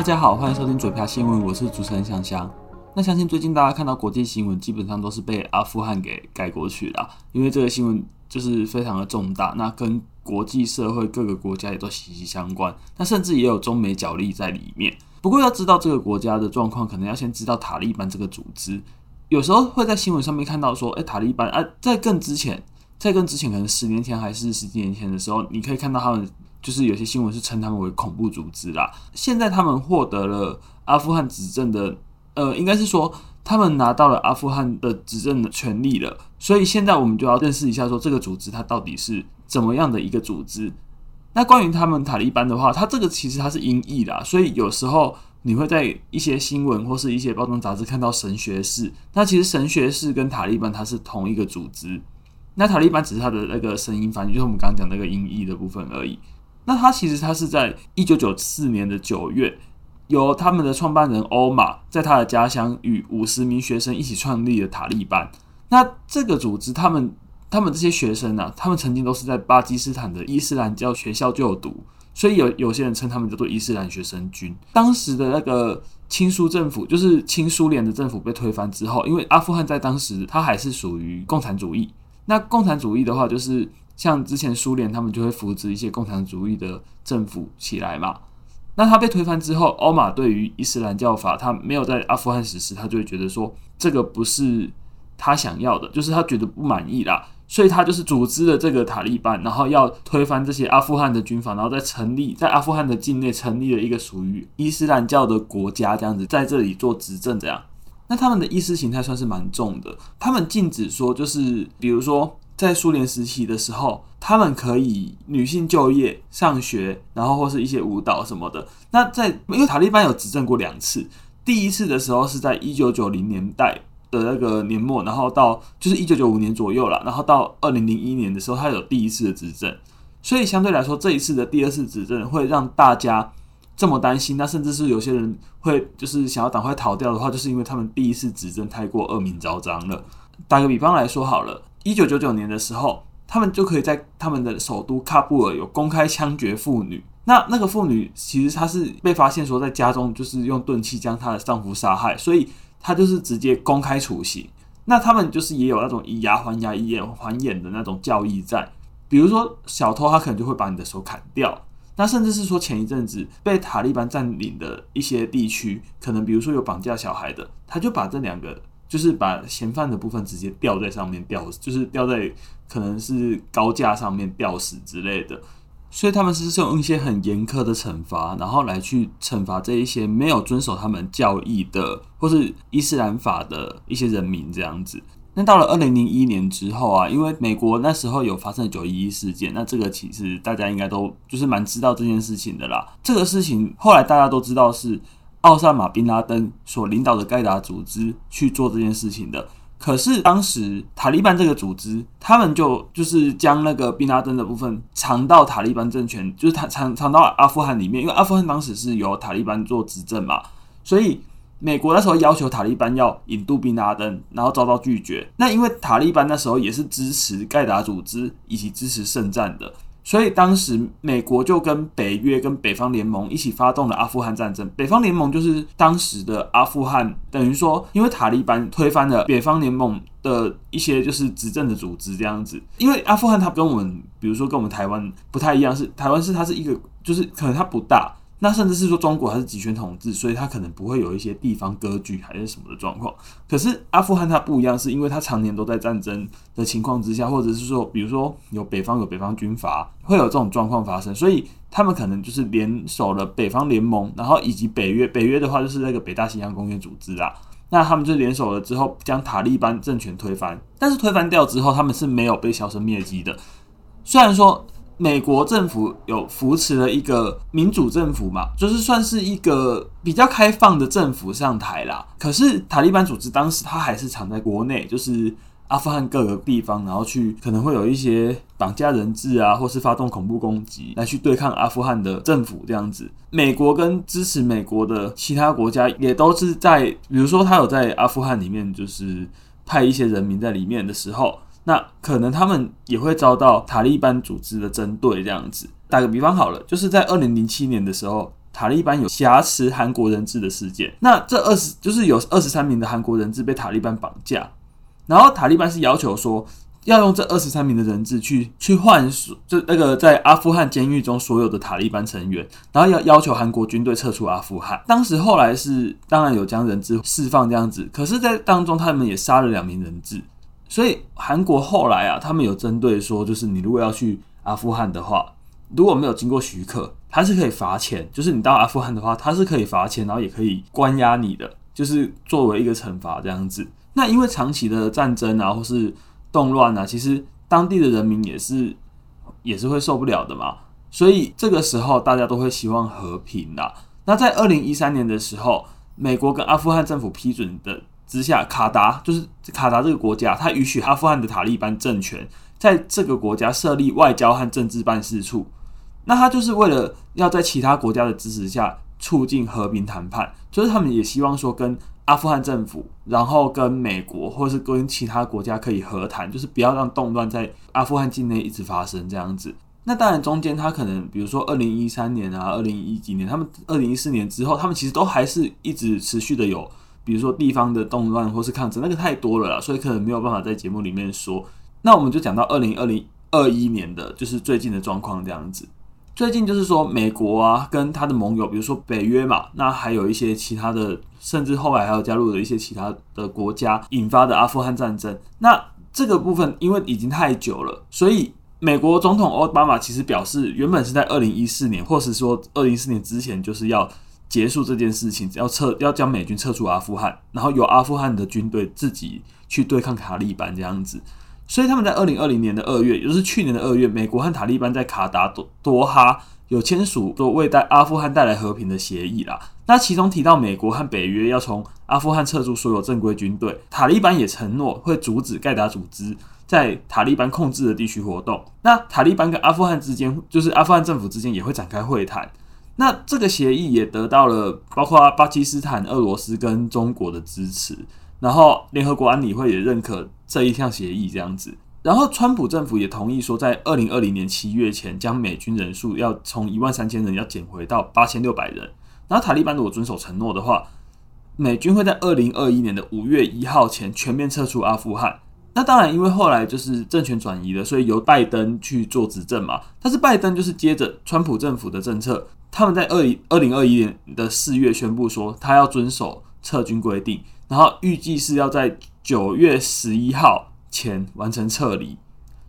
大家好，歡迎收聽嘴瓢新聞，我是主持人香香。那相信最近大家看到國際新聞，基本上都是被阿富汗給蓋過去了啊，因為這個新聞就是非常的重大，那跟國際社會各個國家也都息息相關。那甚至也有中美角力在裡面。不過要知道這個國家的狀況，可能要先知道塔利班這個組織。有時候會在新聞上面看到說，誒，塔利班啊，在更之前，在更之前，可能十年前還是十幾年前的時候，你可以看到他們。就是有些新聞是稱他們為恐怖組織啦。現在他們獲得了阿富汗執政的，呃，應該是說他們拿到了阿富汗的執政的權利了。所以現在我們就要認識一下，說這個組織它到底是怎麼樣的一個組織。那關於他們塔利班的話，它這個其實它是音譯啦，所以有時候你會在一些新聞或是一些報章雜誌看到“神學士”，那其實“神學士”跟塔利班它是同一個組織。那塔利班只是它的那個聲音翻譯，反正就是我們剛剛講的那個音譯的部分而已。那他其實他是在一九九四年的九月，由他們的創辦人歐瑪在他的家鄉與五十名學生一起創立的塔利班。那這個組織，他們他們這些學生呢、啊，他們曾經都是在巴基斯坦的伊斯蘭教學校就讀，所以有有些人稱他們叫做伊斯蘭學生軍。當時的那個親蘇政府，就是親蘇聯的政府被推翻之後，因為阿富汗在當時他還是屬於共產主義。那共產主義的話，就是。像之前蘇聯，他們就會扶植一些共產主義的政府起來嘛。那他被推翻之後，歐馬對於伊斯蘭教法，他沒有在阿富汗實施，他就會覺得說這個不是他想要的，就是他覺得不滿意啦。所以他就是組織了這個塔利班，然後要推翻這些阿富汗的軍閥，然後再成立在阿富汗的境內成立了一個屬於伊斯蘭教的國家，這樣子在這裡做執政。這樣，那他們的意識形態算是蠻重的，他們禁止說就是比如說。在蘇聯時期的時候，他們可以女性就業、上學，然後或是一些舞蹈什麼的。那在因為塔利班有執政過兩次，第一次的時候是在一九九零年代的那個年末，然後到就是一九九五年左右了，然後到二零零一年的時候，他有第一次的執政。所以相對來說，這一次的第二次執政會讓大家這麼擔心。那甚至是有些人會就是想要趕快逃掉的話，就是因為他們第一次執政太過惡名昭彰了。打個比方來說，好了。一九九九年的時候，他們就可以在他們的首都喀布爾有公開槍決婦女。那那個婦女其實她是被發現說在家中就是用鈍器將她的丈夫殺害，所以她就是直接公開處刑。那他們就是也有那種以牙還牙、以眼還眼的那種教義戰。比如說小偷，他可能就會把你的手砍掉。那甚至是說前一陣子被塔利班佔領的一些地區，可能比如說有綁架小孩的，他就把這兩個。就是把嫌犯的部分直接吊在上面吊死，就是吊在可能是高架上面吊死之類的，所以他們是用一些很嚴苛的懲罰，然後來去懲罰這一些沒有遵守他們教義的或是伊斯蘭法的一些人民這樣子。那到了二零零一年之後啊，因為美國那時候有發生九一一事件，那這個其實大家應該都就是蠻知道這件事情的啦。這個事情後來大家都知道是。奧薩馬·賓·拉登所領導的蓋達組織去做這件事情的。可是當時塔利班這個組織，他們就就是將那個賓拉登的部分藏到塔利班政權，就是他藏藏到阿富汗裡面，因為阿富汗當時是由塔利班做執政嘛，所以美國那時候要求塔利班要引渡賓拉登，然後遭到拒絕。那因為塔利班那時候也是支持蓋達組織以及支持聖戰的。所以當時美國就跟北約、跟北方聯盟一起發動了阿富汗戰爭。北方聯盟就是當時的阿富汗，等於說，因為塔利班推翻了北方聯盟的一些就是執政的組織這樣子。因為阿富汗它跟我們，比如說跟我們台灣不太一樣，是台灣是它是一個，就是可能它不大。那甚至是說中國還是集權統治，所以他可能不會有一些地方割據還是什麼的狀況。可是阿富汗它不一樣，是因為它常年都在戰爭的情況之下，或者是說，比如說有北方有北方軍閥，會有這種狀況發生，所以他們可能就是聯手了北方聯盟，然後以及北約，北約的話就是那個北大西洋公約組織啊，那他們就聯手了之後，將塔利班政權推翻。但是推翻掉之後，他們是沒有被銷聲滅跡的，雖然說。美國政府有扶持了一個民主政府嘛，就是算是一個比較開放的政府上台啦。可是塔利班組織當時他還是藏在國內，就是阿富汗各個地方，然後去可能會有一些綁架人質啊，或是發動恐怖攻擊來去對抗阿富汗的政府這樣子。美國跟支持美國的其他國家也都是在，比如說他有在阿富汗裡面，就是派一些人民在裡面的時候。那可能他們也會遭到塔利班組織的針對，這樣子。打個比方好了，就是在二零零七年的時候，塔利班有挾持韓國人質的事件。那這二十就是有二十三名的韓國人質被塔利班綁架，然後塔利班是要求說要用這二十三名的人質去去換，就那個在阿富汗監獄中所有的塔利班成員，然後要要求韓國軍隊撤出阿富汗。當時後來是當然有將人質釋放這樣子，可是，在當中他們也殺了兩名人質。所以韓國後來啊，他們有針對說，就是你如果要去阿富汗的話，如果沒有經過許可，它是可以罰錢，就是你到阿富汗的話，它是可以罰錢，然後也可以關押你的，就是作為一個懲罰這樣子。那因為長期的戰爭啊，或是動亂啊，其實當地的人民也是也是會受不了的嘛。所以這個時候大家都會希望和平啦、啊。那在二零一三年的時候，美國跟阿富汗政府批准的。之下，卡達就是卡達這個國家，他允許阿富汗的塔利班政權在這個國家設立外交和政治辦事處。那他就是為了要在其他國家的支持下促進和平談判，就是他們也希望說跟阿富汗政府，然後跟美國或是跟其他國家可以和談，就是不要讓動亂在阿富汗境內一直發生這樣子。那當然中間他可能比如說二零一三年啊，二零一幾年，他們二零一四年之後，他們其實都還是一直持續的有。比如說地方的動亂或是抗爭，那個太多了啦，所以可能沒有辦法在節目裡面說。那我們就講到二零二零二一年的，就是最近的狀況這樣子。最近就是說，美國啊跟他的盟友，比如說北約嘛，那還有一些其他的，甚至後來還有加入的一些其他的國家引發的阿富汗戰爭。那這個部分因為已經太久了，所以美國總統奧巴馬其實表示，原本是在二零一四年，或是說二零一四年之前就是要，結束這件事情，要撤要將美軍撤出阿富汗，然後由阿富汗的軍隊自己去對抗塔利班這樣子。所以他們在二零二零年的二月，也就是去年的二月，美國和塔利班在卡達多多哈有簽署所謂帶阿富汗帶來和平的協議啦。那其中提到美國和北約要從阿富汗撤出所有正規軍隊，塔利班也承諾會阻止蓋達組織在塔利班控制的地區活動。那塔利班跟阿富汗之間，就是阿富汗政府之間也會展開會談。那這個協議也得到了包括巴基斯坦、俄羅斯跟中國的支持，然後聯合國安理會也認可這一項協議這樣子，然後川普政府也同意說，在二零二零年七月前，將美軍人數要從一萬三千人要減回到八千六百人。然後塔利班如果遵守承諾的話，美軍會在二零二一年的五月一號前全面撤出阿富汗。那當然，因為後來就是政權轉移了，所以由拜登去做執政嘛。但是拜登就是接着川普政府的政策。他們在二零二零二一年的四月宣布說，他要遵守撤軍規定，然後預計是要在九月十一號前完成撤離。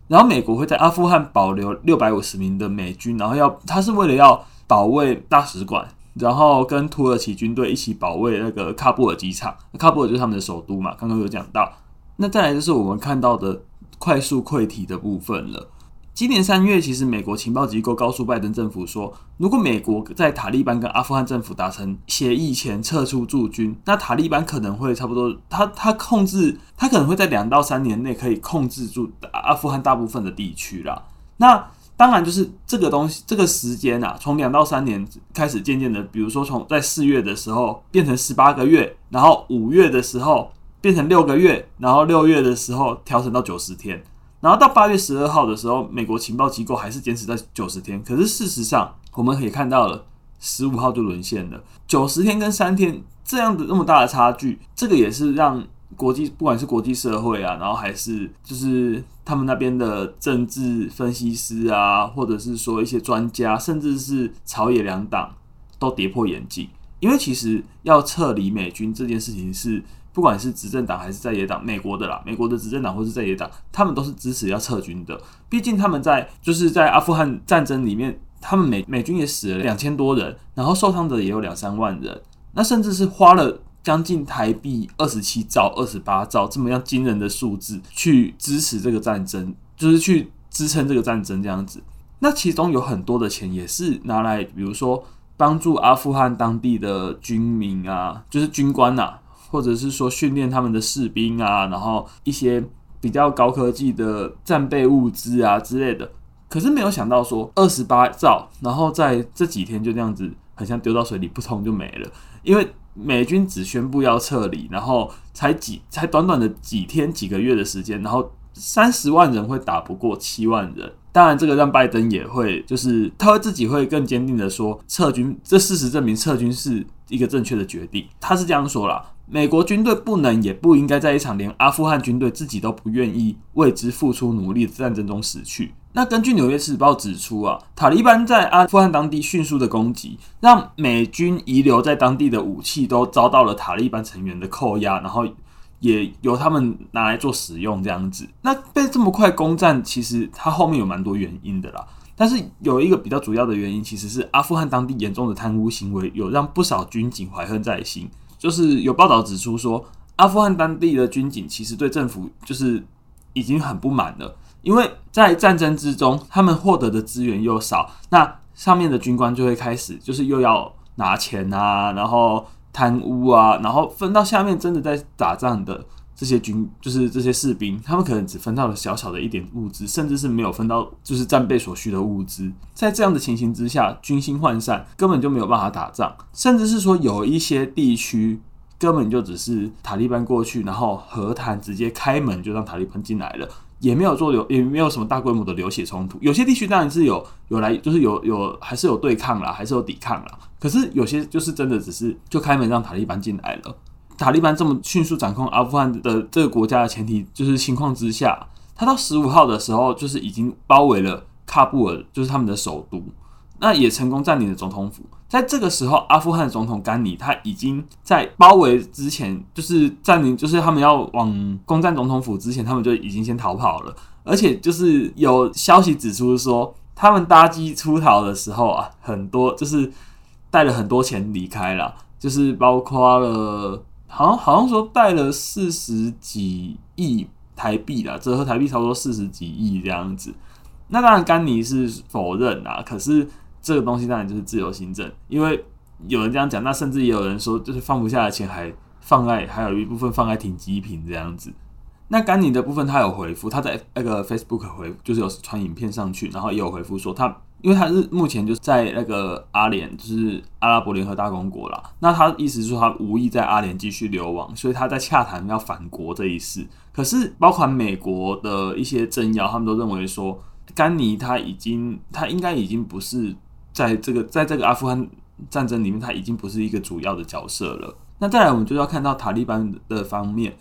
然後美國會在阿富汗保留六百五十名的美軍，然後要他是為了要保衛大使館，然後跟土耳其軍隊一起保衛那個喀布爾機場。喀布爾就是他們的首都嘛，剛剛有講到。那再來就是我們看到的快速潰堤的部分了。今年三月，其實美國情報機構告訴拜登政府說，如果美國在塔利班跟阿富汗政府達成協議前撤出駐軍，那塔利班可能會差不多，他他控制，他可能會在兩到三年內可以控制住阿富汗大部分的地區啦。那當然就是這個東西，這個時間啊，從兩到三年開始漸漸的，比如說，從在四月的時候變成十八個月，然後五月的時候變成六個月，然後六月的時候調整到九十天。然後到八月十二號的時候，美國情報機構還是堅持在九十天，可是事實上我們可以看到了，十五號就淪陷了。九十天跟三天這樣的那麼大的差距，這個也是讓國際不管是國際社會啊，然後還是就是他們那邊的政治分析師啊，或者是說一些專家，甚至是朝野兩黨都跌破眼鏡，因為其實要撤離美軍這件事情是。不管是執政黨還是在野黨，美國的啦，美國的執政黨或是在野黨，他們都是支持要撤軍的。畢竟他們在就是在阿富汗戰爭裡面，他們美美軍也死了兩千多人，然後受傷的也有兩三萬人。那甚至是花了將近台幣二十七兆、二十八兆這麼樣驚人的數字去支持這個戰爭，就是去支撐這個戰爭這樣子。那其中有很多的錢也是拿來，比如說幫助阿富汗當地的軍民啊，就是軍官吶、啊。或者是說訓練他們的士兵啊，然後一些比較高科技的戰備物資啊之類的，可是沒有想到說二十八兆，然後在這幾天就這樣子，很像丟到水裡不沖就沒了。因為美軍只宣布要撤離，然後才幾才短短的幾天幾個月的時間，然後三十萬人會打不過七萬人，當然這個讓拜登也會，就是他會自己會更堅定的說撤軍，這事實證明撤軍是一個正確的決定，他是這樣說啦。美國軍隊不能也不應該在一場連阿富汗軍隊自己都不願意為之付出努力的戰爭中死去。那根據《紐約時報》指出啊，塔利班在阿富汗當地迅速的攻擊，讓美軍遺留在當地的武器都遭到了塔利班成員的扣押，然後也由他們拿來做使用這樣子。那被這麼快攻佔，其實它後面有蠻多原因的啦。但是有一個比較主要的原因，其實是阿富汗當地嚴重的貪污行為，有讓不少軍警懷恨在心。就是有報道指出說，阿富汗當地的軍警其實對政府就是已經很不滿了，因為在戰爭之中，他們獲得的資源又少，那上面的軍官就會開始，就是又要拿錢啊，然後貪污啊，然後分到下面真的在打仗的。這些軍就是這些士兵，他們可能只分到了小小的一點物資，甚至是沒有分到就是戰備所需的物資。在這樣的情形之下，軍心渙散，根本就沒有辦法打仗，甚至是說有一些地區根本就只是塔利班過去，然後和談直接開門就讓塔利班進來了，也沒有做流，也沒有什麼大規模的流血衝突。有些地區當然是有有來，就是有有，有還是有對抗啦，還是有抵抗啦。可是有些就是真的只是就開門讓塔利班進來了。塔利班這麼迅速掌控阿富汗的這個國家的前提，就是情況之下，他到十五號的時候，就是已經包圍了喀布爾，就是他們的首都，那也成功占領了總統府。在這個時候，阿富汗總統甘尼他已經在包圍之前，就是占領，就是他們要往攻占總統府之前，他們就已經先逃跑了。而且，就是有消息指出說，他們搭機出逃的時候啊，很多就是帶了很多錢離開了，就是包括了。好像好像說帶了四十幾億台幣啦，折合台幣差不多四十幾億這樣子。那當然甘尼是否認啊，可是這個東西當然就是自由行政，因為有人這樣講，那甚至也有人說，就是放不下的錢還放在，還有一部分放在停機坪這樣子。那甘尼的部分他有回復，他在那個 Facebook 回就是有傳影片上去，然後也有回復說他。因為他是目前就是在那個阿聯，就是阿拉伯聯合大公國了。那他意思是說，他無意在阿聯繼續流亡，所以他在洽談要返國這一事。可是，包括美國的一些政要，他們都認為說，甘尼他已經，他應該已經不是在這個在這個阿富汗戰爭裡面，他已經不是一個主要的角色了。那再來，我們就要看到塔利班的方面，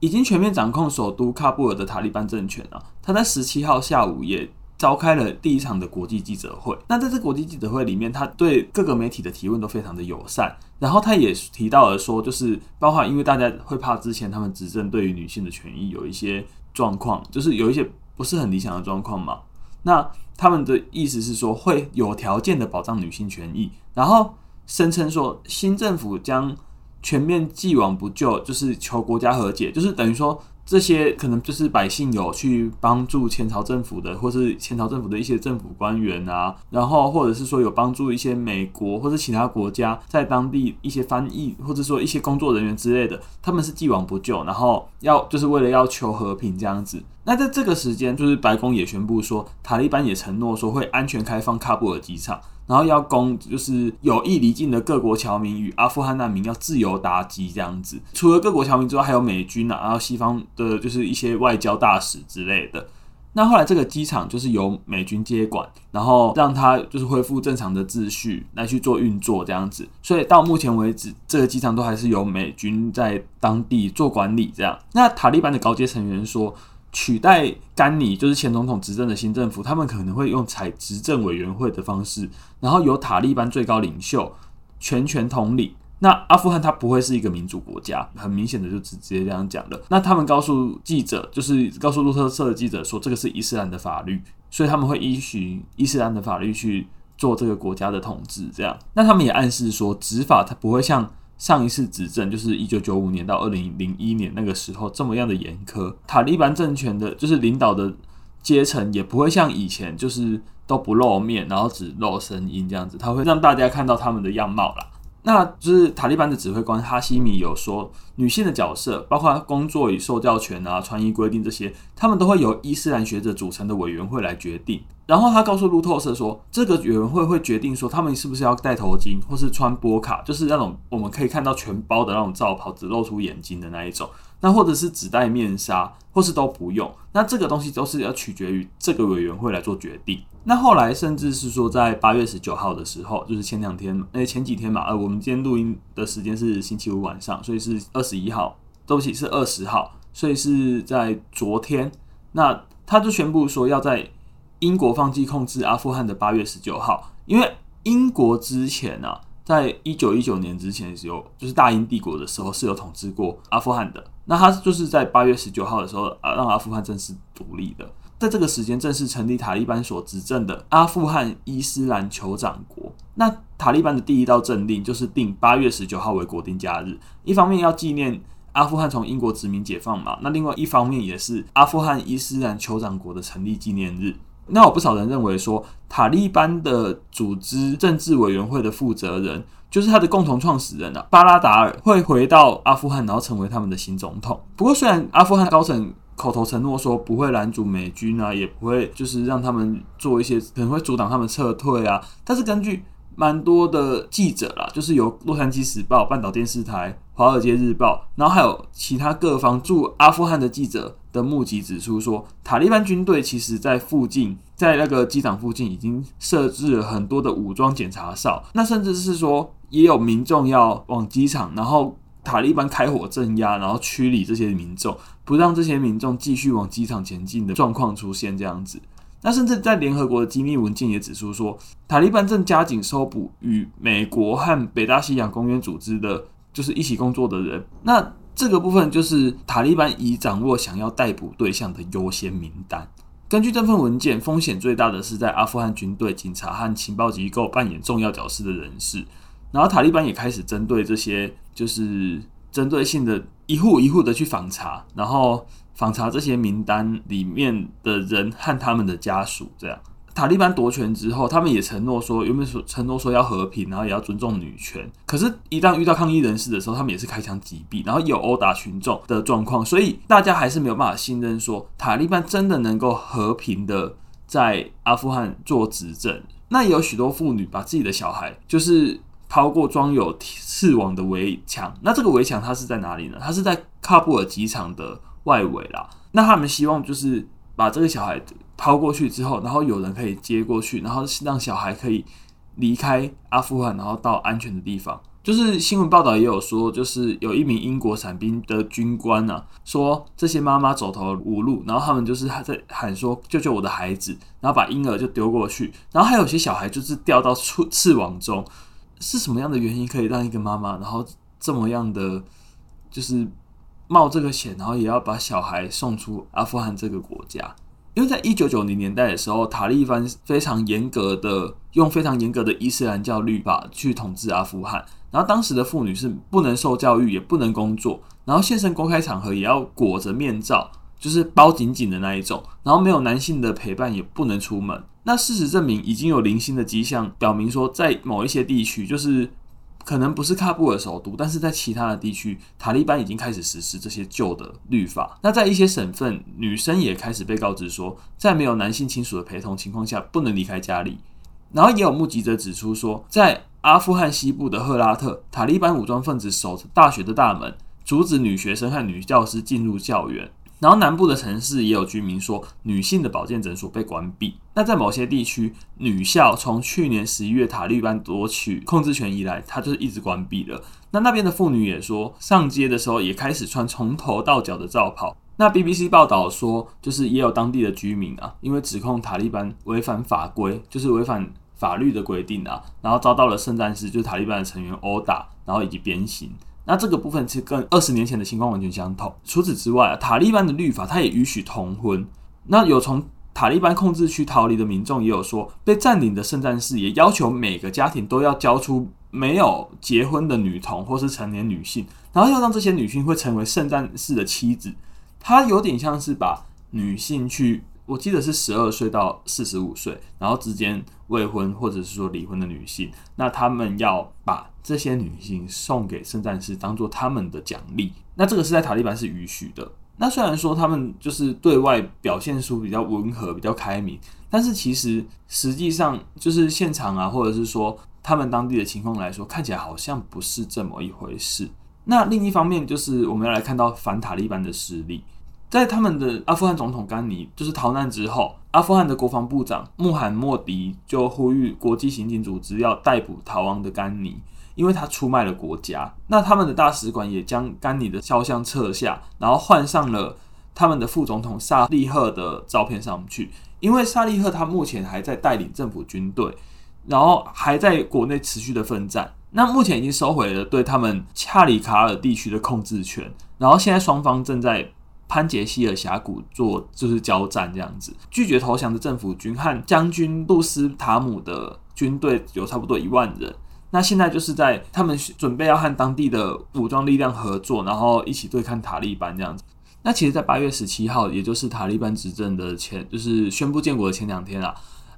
已經全面掌控首都喀布爾的塔利班政權了啊。他在十七號下午也。召開了第一場的國際記者會。那在這國際記者會裡面，他對各個媒體的提問都非常的友善。然後他也提到了說，就是包括因為大家會怕之前他們執政對於女性的權益有一些狀況，就是有一些不是很理想的狀況嘛。那他們的意思是說會有條件的保障女性權益，然後聲稱說新政府將全面既往不咎，就是求國家和解，就是等於說。這些可能就是百姓有去幫助前朝政府的，或是前朝政府的一些政府官員啊，然後或者是說有幫助一些美國或是其他國家在當地一些翻譯，或者說一些工作人員之類的，他們是既往不咎，然後要就是為了要求和平這樣子。那在這個時間，就是白宮也宣布說，塔利班也承諾說會安全開放喀布爾機場，然後要供就是有意離境的各國僑民與阿富汗難民要自由搭機這樣子。除了各國僑民之外，還有美軍啊，然後西方的就是一些外交大使之類的。那後來這個機場就是由美軍接管，然後讓他就是恢復正常的秩序來去做運作這樣子。所以到目前為止，這個機場都還是由美軍在當地做管理這樣。那塔利班的高階成員說。取代甘尼就是前總統執政的新政府，他們可能會用採執政委員會的方式，然後由塔利班最高領袖全權統領。那阿富汗它不會是一個民主國家，很明顯的就直直接這樣講了。那他們告訴記者，就是告訴路透社的記者說，這個是伊斯蘭的法律，所以他們會依循伊斯蘭的法律去做這個國家的統治。這樣，那他們也暗示說，執法它不會像上一次執政就是一九九五年到二零零一年那個時候，這麼樣的嚴苛，塔利班政權的，就是領導的階層也不會像以前，就是都不露面，然後只露聲音這樣子，他會讓大家看到他們的樣貌啦。那就是塔利班的指揮官哈西米有說，女性的角色，包括工作與受教權啊，穿衣規定這些，他們都會由伊斯蘭學者組成的委員會來決定。然後他告訴路透社說：“這個委員會會決定說，他們是不是要戴頭巾，或是穿波卡，就是那種我們可以看到全包的那種罩袍，只露出眼睛的那一種。那或者是只戴面紗，或是都不用。那這個東西都是要取決於這個委員會來做決定。那後來甚至是說，在八月十九號的時候，就是前兩天，哎，前幾天嘛。呃，我們今天錄音的時間是星期五晚上，所以是二十一號。對不起，是二十號，所以是在昨天。那他就宣布說要在。”英國放棄控制阿富汗的八月十九號，因為英國之前啊，在一九一九年之前有就是大英帝國的時候是有統治過阿富汗的，那他就是在八月十九號的時候啊，讓阿富汗正式獨立的，在這個時間正式成立塔利班所執政的阿富汗伊斯蘭酋長國。那塔利班的第一道政令就是定八月十九號為國定假日，一方面要紀念阿富汗從英國殖民解放嘛，那另外一方面也是阿富汗伊斯蘭酋長國的成立紀念日。那有不少人認為說，塔利班的組織政治委員會的負責人，就是他的共同創始人啊，巴拉達爾會回到阿富汗，然後成為他們的新總統。不過，雖然阿富汗高層口頭承諾說不會攔阻美軍啊，也不會就是讓他們做一些可能會阻擋他們撤退啊，但是根據。蠻多的記者啦，就是由洛杉磯時報、半島電視台、華爾街日報，然後還有其他各方駐阿富汗的記者的目擊指出說，塔利班軍隊其實在附近，在那個機場附近已經設置了很多的武裝檢查哨，那甚至是說也有民眾要往機場，然後塔利班開火鎮壓，然後驅離這些民眾，不讓這些民眾繼續往機場前進的狀況出現這樣子。那甚至在聯合國的機密文件也指出說，塔利班正加緊搜捕與美國和北大西洋公約組織的，就是一起工作的人。那這個部分就是塔利班已掌握想要逮捕對象的優先名單。根據這份文件，風險最大的是在阿富汗軍隊、警察和情報機構扮演重要角色的人士。然後塔利班也開始針對這些，就是針對性的一戶一戶的去訪查，然後。訪查這些名單裡面的人和他們的家屬，這樣塔利班奪權之後，他們也承諾說有沒有說承諾說要和平，然後也要尊重女權。可是，一旦遇到抗議人士的時候，他們也是開槍擊斃，然後有毆打群眾的狀況。所以，大家還是沒有辦法信任說塔利班真的能夠和平的在阿富汗做執政。那也有許多婦女把自己的小孩就是拋過裝有刺網的圍牆。那這個圍牆它是在哪裡呢？它是在喀布爾機場的。外圍啦，那他們希望就是把這個小孩拋過去之後，然後有人可以接過去，然後讓小孩可以離開阿富汗，然後到安全的地方。就是新聞報道也有說，就是有一名英國傘兵的軍官啊，說這些媽媽走投無路，然後他們就是還在喊說：“救救我的孩子！”然後把嬰兒就丟過去，然後還有些小孩就是掉到刺網中，是什麼樣的原因可以讓一個媽媽然後這麼樣的就是？冒這個險，然後也要把小孩送出阿富汗這個國家，因為在一九九零年代的時候，塔利班非常嚴格的用非常嚴格的伊斯蘭教律法去統治阿富汗，然後當時的婦女是不能受教育，也不能工作，然後現身公開場合也要裹着面罩，就是包緊緊的那一種，然後沒有男性的陪伴也不能出門。那事實證明，已經有零星的跡象表明說，在某一些地區，就是。可能不是喀布爾首都，但是在其他的地區，塔利班已經開始實施這些舊的律法。那在一些省份，女生也開始被告知說，在沒有男性親屬的陪同情況下，不能離開家裡。然後也有目擊者指出說，在阿富汗西部的赫拉特，塔利班武裝分子守着大學的大門，阻止女學生和女教師進入校園。然後南部的城市也有居民說，女性的保健診所被關閉。那在某些地區，女校從去年十一月塔利班奪取控制權以來，它就是一直關閉了。那那邊的婦女也說，上街的時候也開始穿從頭到腳的罩袍。那 BBC 報道說，就是也有當地的居民啊，因為指控塔利班違反法規，就是違反法律的規定啊，然後遭到了聖戰士，就是塔利班的成員毆打，然後以及鞭刑。那這個部分是跟二十年前的情況完全相同。除此之外，塔利班的律法，它也允許童婚。那有從塔利班控制區逃離的民眾也有說，被佔領的聖戰士也要求每個家庭都要交出沒有結婚的女童或是成年女性，然後要讓這些女性會成為聖戰士的妻子。它有點像是把女性去，我記得是十二歲到四十五歲，然後之間未婚或者是說離婚的女性，那他們要把，這些女性送給聖戰士當做他們的獎勵，那這個是在塔利班是允許的。那雖然說他們就是對外表現出比較溫和、比較開明，但是其實實際上就是現場啊，或者是說他們當地的情況來說，看起來好像不是這麼一回事。那另一方面，就是我們要來看到反塔利班的勢力，在他們的阿富汗總統甘尼就是逃難之後，阿富汗的國防部長穆罕默迪就呼籲國際刑警組織要逮捕逃亡的甘尼。因為他出賣了國家，那他們的大使館也將甘尼的肖像撤下，然後換上了他們的副總統薩利赫的照片上去。因為薩利赫他目前還在帶領政府軍隊，然後還在國內持續的奮戰。那目前已經收回了對他們恰里卡爾地區的控制權，然後現在雙方正在潘傑希爾峽谷做就是交戰這樣子。拒絕投降的政府軍和將軍杜斯塔姆的軍隊有差不多一萬人。那現在就是在他們準備要和當地的武裝力量合作，然後一起對抗塔利班這樣子。那其實，在八月十七號，也就是塔利班執政的前，就是宣布建國的前兩天啊，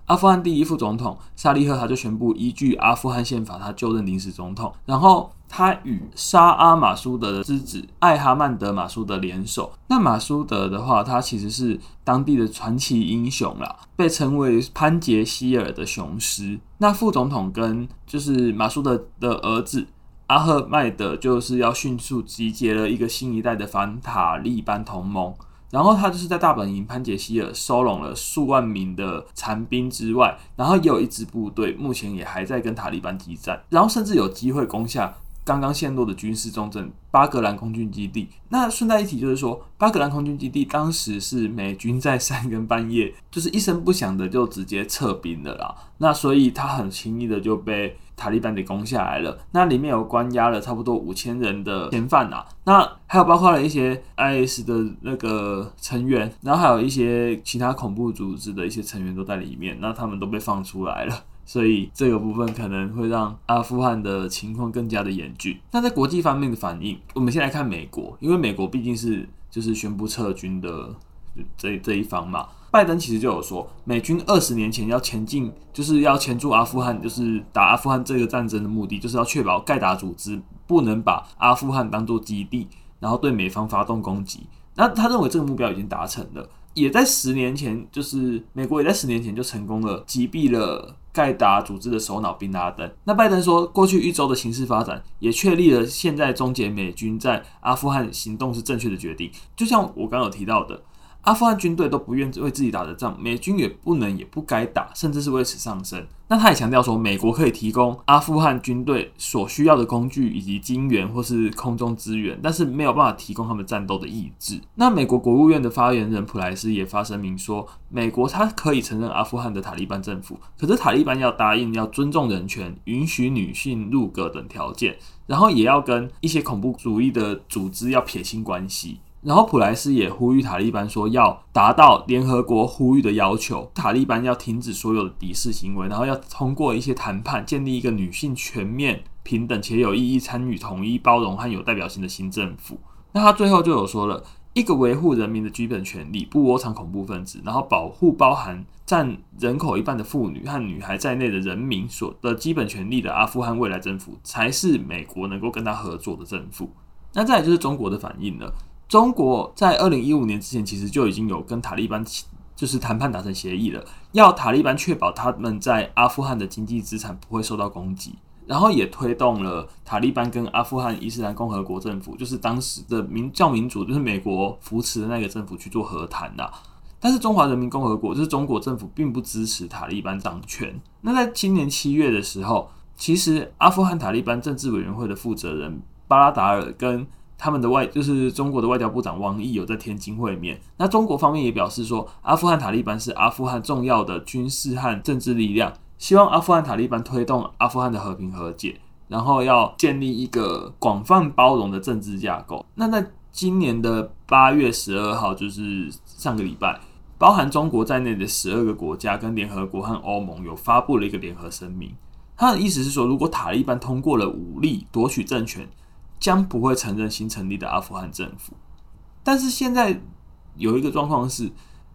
阿富汗第一副總統薩利赫他就宣布，依據阿富汗憲法，他就任臨時總統，然後，他與沙阿馬蘇德的之子艾哈曼德馬蘇德聯手。那馬蘇德的話，他其實是當地的傳奇英雄啦，被稱為潘杰希爾的雄獅。那副總統跟就是馬蘇德的兒子阿赫麥德，就是要迅速集結了一個新一代的反塔利班同盟。然後他就是在大本營潘杰希爾收攏了數萬名的殘兵之外，然後也有一支部隊，目前也還在跟塔利班激戰，然後甚至有機會攻下。剛剛陷落的軍事重鎮巴格蘭空軍基地。那順帶一提，就是說巴格蘭空軍基地當時是美軍在三更半夜，就是一聲不響的就直接撤兵了啦。那所以他很輕易的就被塔利班給攻下來了。那裡面有關押了差不多五千人的嫌犯啊，那還有包括了一些 IS 的那個成員，然後還有一些其他恐怖組織的一些成員都在裡面。那他們都被放出來了。所以這個部分可能會讓阿富汗的情況更加的嚴峻。那在國際方面的反應，我們先來看美國，因為美國畢竟是就是宣布撤軍的這這一方嘛。拜登其實就有說，美軍二十年前要前進，就是要前駐阿富汗，就是打阿富汗這個戰爭的目的，就是要確保蓋達組織不能把阿富汗當做基地，然後對美方發動攻擊。那他認為這個目標已經達成了，也在十年前，就是美國也在十年前就成功了擊斃了。蓋達組織的首腦賓拉登，那拜登說，過去一周的形勢發展也確立了現在終結美軍在阿富汗行動是正確的決定，就像我剛剛有提到的。阿富汗軍隊都不願為自己打的仗，美軍也不能也不該打，甚至是為此喪生。那他也強調說，美國可以提供阿富汗軍隊所需要的工具以及金援或是空中支援，但是沒有辦法提供他們戰鬥的意志。那美國國務院的發言人普萊斯也發聲明說，美國他可以承認阿富汗的塔利班政府，可是塔利班要答應要尊重人權、允許女性入閣等條件，然後也要跟一些恐怖主義的組織要撇清關係。然後普萊斯也呼籲塔利班說，要達到聯合國呼籲的要求，塔利班要停止所有的敵視行為，然後要通過一些談判建立一個女性全面平等且有意義參與統一、包容和有代表性的新政府。那他最後就有說了一個維護人民的基本權利、不窩藏恐怖分子，然後保護包含佔人口一半的婦女和女孩在內的人民所的基本權利的阿富汗未來政府，才是美國能夠跟他合作的政府。那再就是中國的反應了。中國在二零一五年之前，其實就已經有跟塔利班就是談判達成協議了，要塔利班確保他們在阿富汗的經濟資產不會受到攻擊，然後也推動了塔利班跟阿富汗伊斯蘭共和國政府，就是當時的民教民主，就是美國扶持的那個政府去做和談啊，但是中華人民共和國就是中國政府並不支持塔利班掌權。那在今年七月的時候，其實阿富汗塔利班政治委員會的負責人巴拉達爾跟。他們的外，就是中國的外交部長王毅有在天津會面，那中國方面也表示說，阿富汗塔利班是阿富汗重要的軍事和政治力量，希望阿富汗塔利班推動阿富汗的和平和解，然後要建立一個廣泛包容的政治架構。那在今年的八月十二號，就是上個禮拜，包含中國在內的十二個國家跟聯合國和歐盟有發布了一個聯合聲明，他的意思是說，如果塔利班通過了武力奪取政權，將不會承認新成立的阿富汗政府，但是現在有一個狀況是，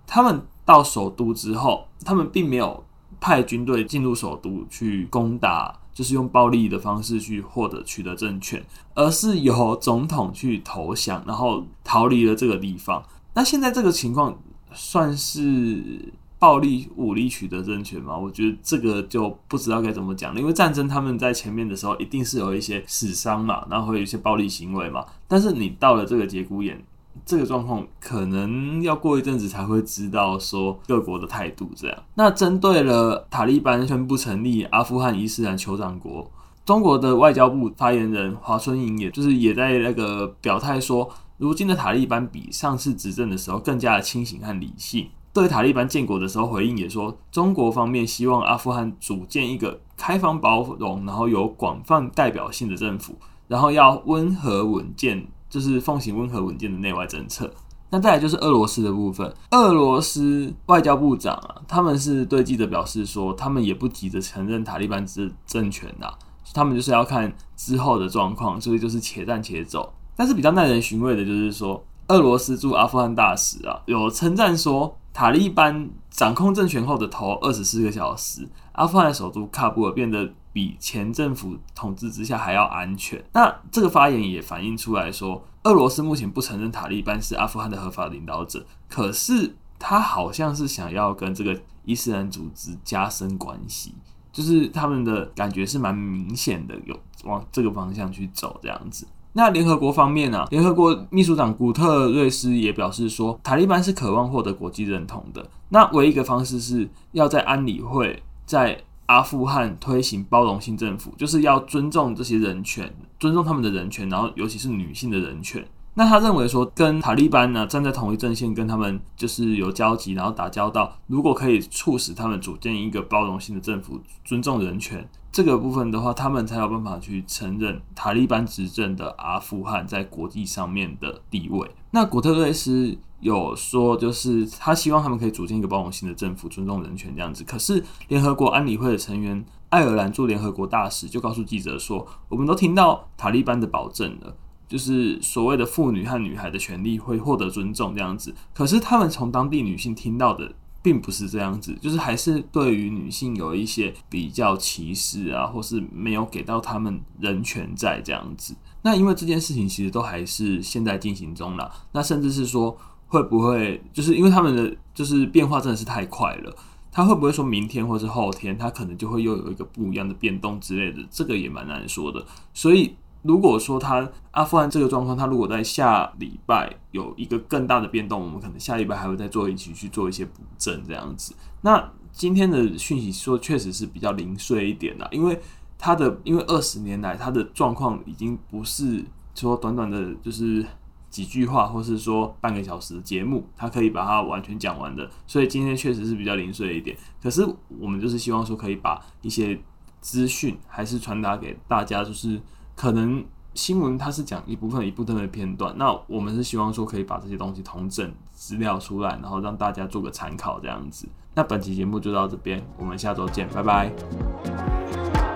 他們到首都之後，他們並沒有派軍隊進入首都去攻打，就是用暴力的方式去獲得取得政權，而是由總統去投降，然後逃離了這個地方。那現在這個情況算是。暴力武力取得政權嘛？我覺得這個就不知道該怎麼講了。因為戰爭他們在前面的時候，一定是有一些死傷嘛，然後會有一些暴力行為嘛。但是你到了這個節骨眼，這個狀況可能要過一陣子才會知道說各國的態度。這樣，那針對了塔利班宣布成立阿富汗伊斯蘭酋長國，中國的外交部發言人華春瑩也就是也在那個表態說，如今的塔利班比上次執政的時候更加的清醒和理性。對塔利班建國的時候回應也說，中國方面希望阿富汗組建一個開放、包容，然後有廣泛代表性的政府，然後要溫和穩健，就是奉行溫和穩健的內外政策。那再來就是俄羅斯的部分，俄羅斯外交部長啊，他們是對記者表示說，他們也不急着承認塔利班之政權的、啊，他們就是要看之後的狀況，所以就是且戰且走。但是比較耐人尋味的就是說，俄羅斯駐阿富汗大使啊，有稱讚說，塔利班掌控政權後的頭二十四個小時，阿富汗的首都喀布爾變得比前政府統治之下還要安全。那這個發言也反映出來說，俄羅斯目前不承認塔利班是阿富汗的合法領導者，可是他好像是想要跟這個伊斯蘭組織加深關係，就是他們的感覺是蠻明顯的，有往這個方向去走這樣子。那聯合國方面呢、啊？聯合國秘書長古特瑞斯也表示說，塔利班是渴望獲得國際認同的。那唯一的方式是要在安理會、在阿富汗推行包容性政府，就是要尊重這些人權，尊重他們的人權，然後尤其是女性的人權。那他認為說，跟塔利班呢站在同一陣線，跟他們就是有交集，然後打交道。如果可以促使他們組建一個包容性的政府，尊重人權這個部分的話，他們才有辦法去承認塔利班執政的阿富汗在國際上面的地位。那古特雷斯有說，就是他希望他們可以組建一個包容性的政府，尊重人權這樣子。可是聯合國安理會的成員愛爾蘭駐聯合國大使就告訴記者說：“我們都聽到塔利班的保證了。”就是所謂的婦女和女孩的權利會獲得尊重這樣子，可是他們從當地女性聽到的並不是這樣子，就是還是對於女性有一些比較歧視啊，或是沒有給到他們人權在這樣子。那因為這件事情其實都還是現在進行中了，那甚至是說，會不會就是因為他們的就是變化真的是太快了，他會不會說明天或是後天他可能就會又有一個不一樣的變動之類的，這個也蠻難說的，所以。如果說他阿富汗這個狀況，他如果在下禮拜有一個更大的變動，我們可能下禮拜還會再做一期去做一些補證。這樣子。那今天的訊息說確實是比較零碎一點了，啊，因為他的因為二十年來他的狀況已經不是說短短的，就是幾句話或是說半個小時的節目，他可以把它完全講完的。所以今天確實是比較零碎一點。可是我們就是希望說可以把一些資訊還是傳達給大家，就是。可能新聞它是講一部分一部分的片段，那我們是希望說可以把這些東西統整資料出來，然後讓大家做個參考這樣子。那本期節目就到這邊，我們下週見，拜拜。